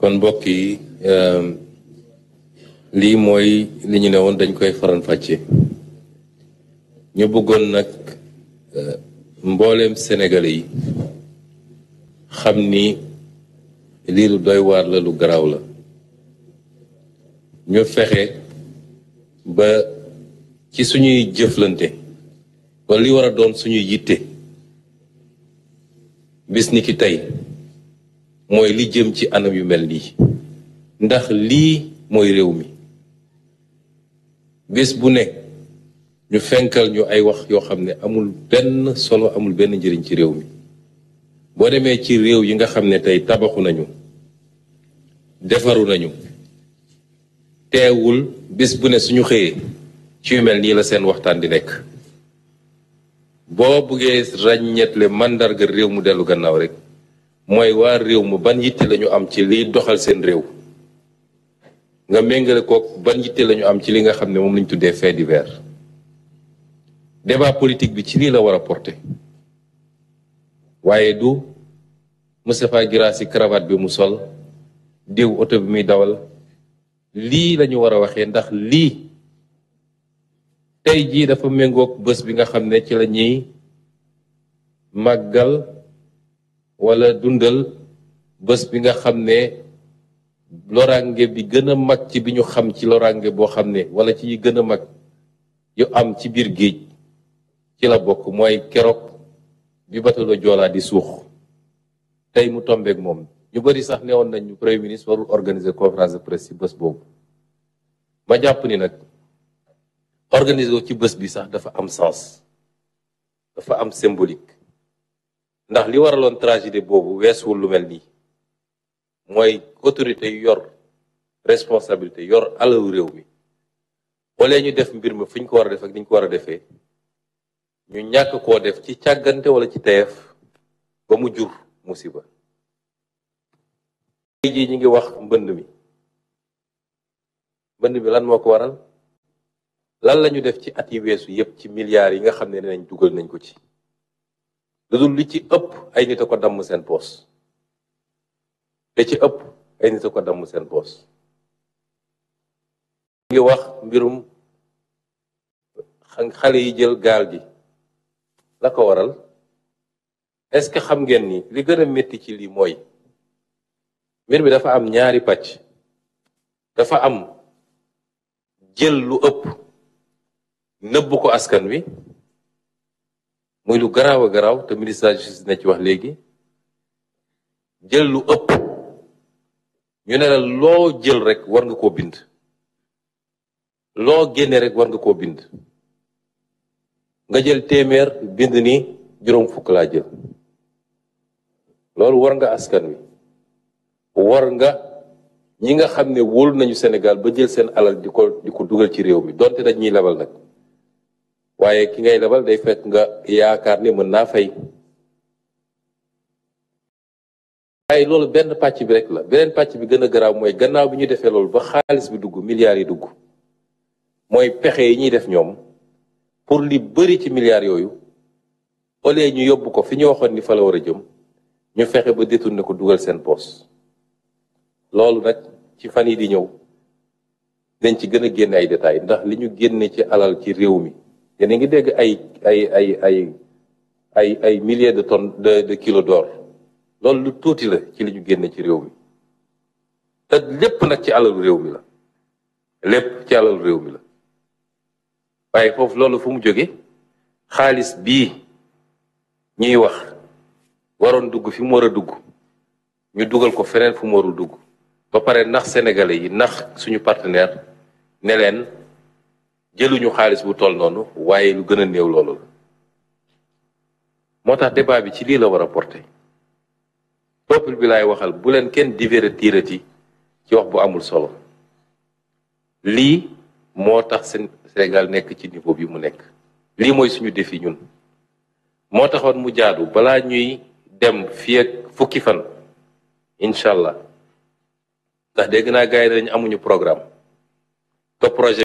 kon mbokk yi ehm, lii mooy li ñu ne woon dañ koy faran fàcce ñu bëggoon nag eh, mbooleem sénégalais yi xam ni lii lu doy waar la lu garaaw la ñu fexe ba ci suñuy jëflante wala li war a doon suñuy yitte bis ni ki tey mooy li jëm ci anam yu mel nii ndax lii mooy réew mi bés bu ne ñu fenkal ñu ay wax yoo xam ne amul benn solo amul benn njëriñ ci réew mi boo demee ci réew yi nga xam ne tey tabaxu nañu defaru nañu teewul bés bu ne suñu xëyee ci yu mel nii la seen waxtaan di nekk boo bëggee ràññeetle màndarga réew mu dellu gannaaw rek mooy waa réew mu ban yitte lañu am ci liy doxal seen réew nga méngale kook ban yitte lañu am ci li nga xam ne moom lañ tuddee fait divers débat politique bi ci lii la war a porter waaye du Moustapha Guirassy cravate bi mu sol diw oto bi muy dawal lii lañu war a waxee ndax lii tey jii dafa méngook bës bi nga xam ne ci la ñuy màggal wala dundal bés bi nga xam ne lorange bi gën a mag ci bi ñu xam ci loraange boo xam ne wala ci yi gën a mag yu am ci biir géej ci la bokk mooy keroog bi batalo joolaa di suux tey mu tombeek moom ñu bari sax newoon nañ ñu premier ministre warul organiser conférence de presse ci bés boobu ma jàpp ni nag organiser ci bés bi sax dafa am sens dafa am symbolique ndax li waraloon tragédie boobu weesuwul lu mel nii mooy autorité yor responsabilité yor alalu réew mi wala ñu def mbir mi fi ñu ko war a def ak ni ñu ko war a defee ñu ñàkk koo def ci càggante wala ci teef ba mu jur musiba. tey jii ñu ngi wax mbënd mi mbënd mi lan moo ko waral lan la ñu def ci at yi weesu yépp ci milliare yi nga xam ne nañ dugal nañ ko ci. da dul li ci ëpp ay nit a ko damm seen poos li ci ëpp ay nit a ko damm seen poos ngi wax mbirum xale yi jël gaal gi la ko waral est-ce que xam ngeen ni li gën a métti ci lii mooy mbir mi dafa am ñaari pàcc dafa am jël lu ëpp nëbb ko askan wi muy lu garaaw a garaaw te ministre de la justice ci wax léegi jël lu ëpp ñu ne loo jël rek war nga koo bind loo génne rek war nga koo bind nga jël téeméer bind ni juróom fukk laa jël loolu war nga askan wi war nga ñi nga xam ne wóolu nañu Sénégal ba jël seen alal di ko di ko dugal ci réew mi donte dañ ñuy labal nag waaye ki ngay lebal day fekk nga yaakaar ni mën naa fay waaye loolu benn pàcc bi rek la beneen pàcc bi gën a garaaw mooy gannaaw bi ñu defee loolu ba xaalis bi dugg milliards yi dugg mooy pexe yi ñuy def ñoom pour li bëri ci milliards yooyu au ñu yóbbu ko fi ñu waxoon ni fa la war a jëm ñu fexe ba détourné ko dugal seen poos loolu nag ci fan yi di ñëw dañ ci gën a génne ay détails ndax li ñu génne ci alal ci réew mi yéen a ngi dégg ay ay ay ay ay ay milliers de tonnes de de kilos d'or loolu lu tuuti la ci li ñu génne ci réew mi te lépp nag ci alalu réew mi la lépp ci alalu réew mi la waaye foofu loolu fu mu jóge xaalis bii ñuy wax waroon dugg fi mu war a dugg ñu dugal ko feneen fu mu warul dugg ba pare ndax sénégalais yi ndax suñu partenaire neleen jëluñu xaalis bu toll noonu waaye lu gën a néew loolu la moo tax débat bi ci lii la war a porté peuple bi laay waxal bu leen kenn divertirati ci wax bu amul solo lii moo tax sen Sénégal nekk ci niveau bi mu nekk lii mooy suñu défi ñun moo taxoon mu jaadu balaa ñuy dem fii fukki fan incha allah ndax dégg naa gars yi amuñu programme te projet